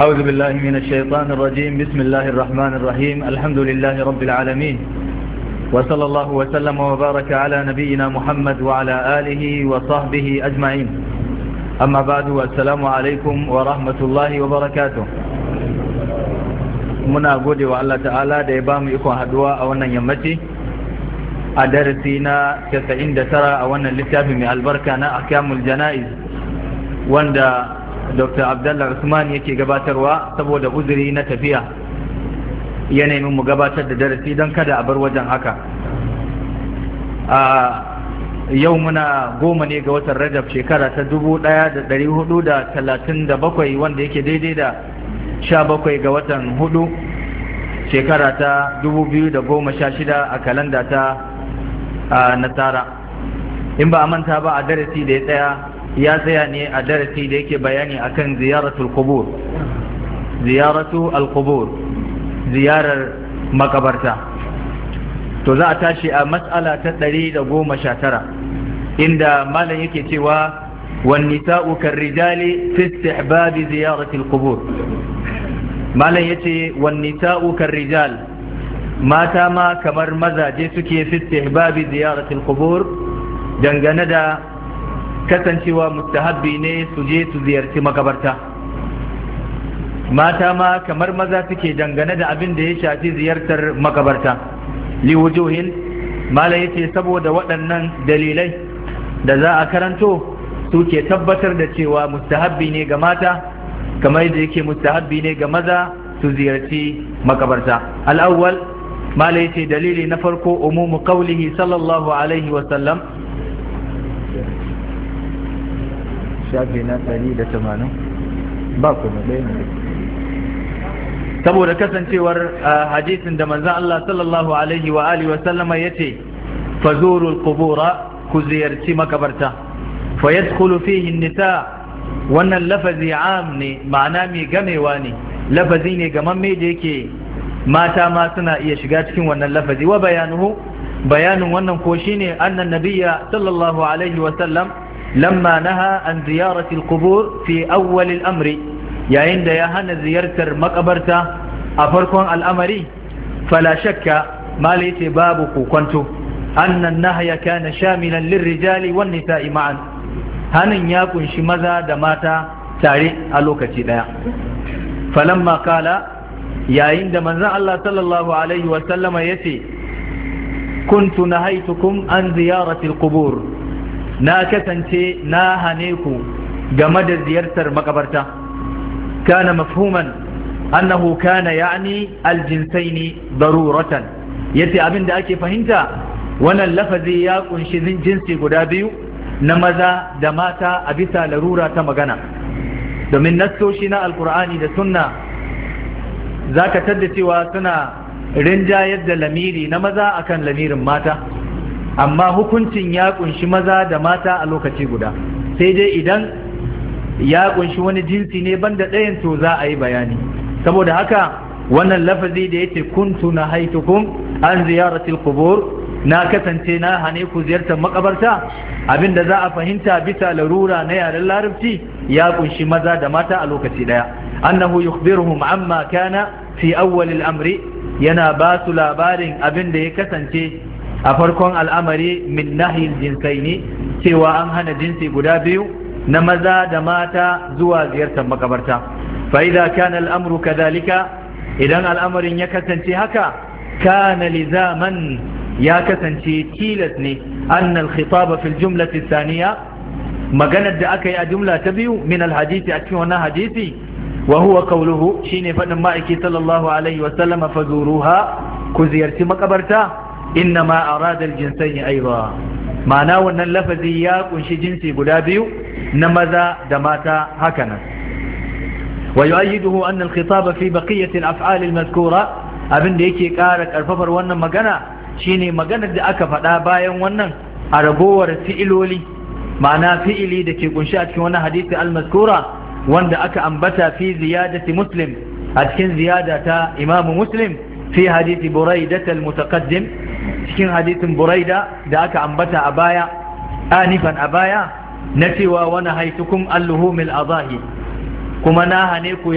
أعوذ بالله من الشيطان الرجيم بسم الله الرحمن الرحيم الحمد لله رب العالمين وصلى الله وسلم وبارك على نبينا محمد وعلى آله وصحبه أجمعين أما بعد والسلام عليكم ورحمة الله وبركاته muna gode wa تعالى ta'ala يكون هدواء ba يمتي ikon haduwa a wannan yammaci a darasi na 99 a wannan dr abdullah usman yake gabatarwa saboda uzuri na tafiya ya nemi mu gabatar da darasi don kada a bar wajen haka a yau muna goma ne ga watan rajab shekara ta dubu ɗaya da hudu da talatin da bakwai wanda yake daidai da sha bakwai ga watan hudu shekara ta dubu biyu da goma sha shida a kalanda ta nasara in ba a manta ba a darasi da ya tsaya ya tsaya ne a darasi da yake bayani akan ziyaratul qubur ziyaratu al-qubur ziyarar makabarta to za a tashi a mas'ala ta 119 inda malam yake cewa wan nisa'u karrijali fi istihbab ziyarati al-qubur malam yace wan nisa'u karrijal mata ma kamar mazaje suke fi istihbab ziyarati al-qubur dangane da kasancewa mustahabbi ne su je su ziyarci makabarta mata ma kamar maza suke dangane da abin da ya shafi ziyartar makabarta liwujuhin mala yace saboda waɗannan dalilai da za a karanto suke tabbatar da cewa mustahabbi ne ga mata kamar yadda yake mustahabbi ne ga maza su ziyarci makabarta al'awwal mala yace dalili na farko umumu qaulihi sallallahu alaihi wa sallam shafi na 180 ba kuma ɗaya ne saboda kasancewar hadisin da manzan Allah sallallahu alaihi wa alihi wa sallama yace fazurul qubura ku ziyarci makabarta fa yadkhulu fihi an-nisa wannan lafazi am ne ma'ana mai gamewa ne lafazi ne gaman mai da yake mata ma suna iya shiga cikin wannan lafazi wa bayanuhu bayanin wannan ko shine annan nabiyya sallallahu alaihi wa sallam لما نهى عن زيارة القبور في أول الأمر يعين دا يهان زيارة مقبرتا أفركم الأمر فلا شك ما ليس بابك كنت أن النهي كان شاملا للرجال والنساء معا هن يكن شمذا دماتا تاريخ ألوكة دا فلما قال yayin da manzan Allah sallallahu Alaihi wasallama ya ce kuntu na haitukun an ziyaratil kubur na kasance na hane ku game da ziyartar makabarta kana mafhuman annahu kana ya'ni aljinsaini daruratan yace abin da ake fahimta wannan lafazi ya kunshi jinsi guda biyu na maza da mata a bisa larura ta magana domin nassoshi na alkur'ani da sunna zaka tadda cewa suna rinjayar da lamiri na maza akan lamirin mata amma hukuncin ya kunshi maza da mata a lokaci guda sai dai idan ya kunshi wani jinsi ne banda ɗayan to za a yi bayani saboda haka wannan lafazi da yace kuntu na haitukum an ziyaratil qubur na kasance na hane ku ziyartar makabarta abinda za a fahimta bisa larura na yaren larabci ya kunshi maza da mata a lokaci daya annahu yukhbiruhum amma kana fi awwal amri yana ba su labarin abin da ya kasance a farkon al'amari min jinsai ne cewa an hana jinsi guda biyu na maza da mata zuwa ziyartar makabarta fa idza kana al'amru kadhalika idan al'amarin ya kasance haka kana lizaman ya kasance tilas ne an al-khitab fi thaniya maganar da aka yi a jumla ta biyu min al-hadisi a cikin wannan hadisi wa huwa qawluhu shine fadin ma'aiki sallallahu alaihi wa sallama fazuruha ku ziyarci makabarta إنما أراد الجنسين أيضا معناه أن اللفظي يكونشي جنسي قدابيو نمذا دماتا هكذا ويؤيده أن الخطاب في بقية الأفعال المذكورة abin da yake kara karfafar wannan magana shine maganar da aka faɗa bayan wannan a ragowar fi'iloli ma'ana fi'ili da ke kunshi a cikin wani hadisi al-mazkura wanda aka ambata fi ziyadati muslim a cikin ziyada ta imamu muslim fi hadisi buraidatal al-mutaqaddim cikin hadisin buraida da aka ambata a baya anifan a baya na cewa wani haitukum alluhumil azahi kuma na hane ku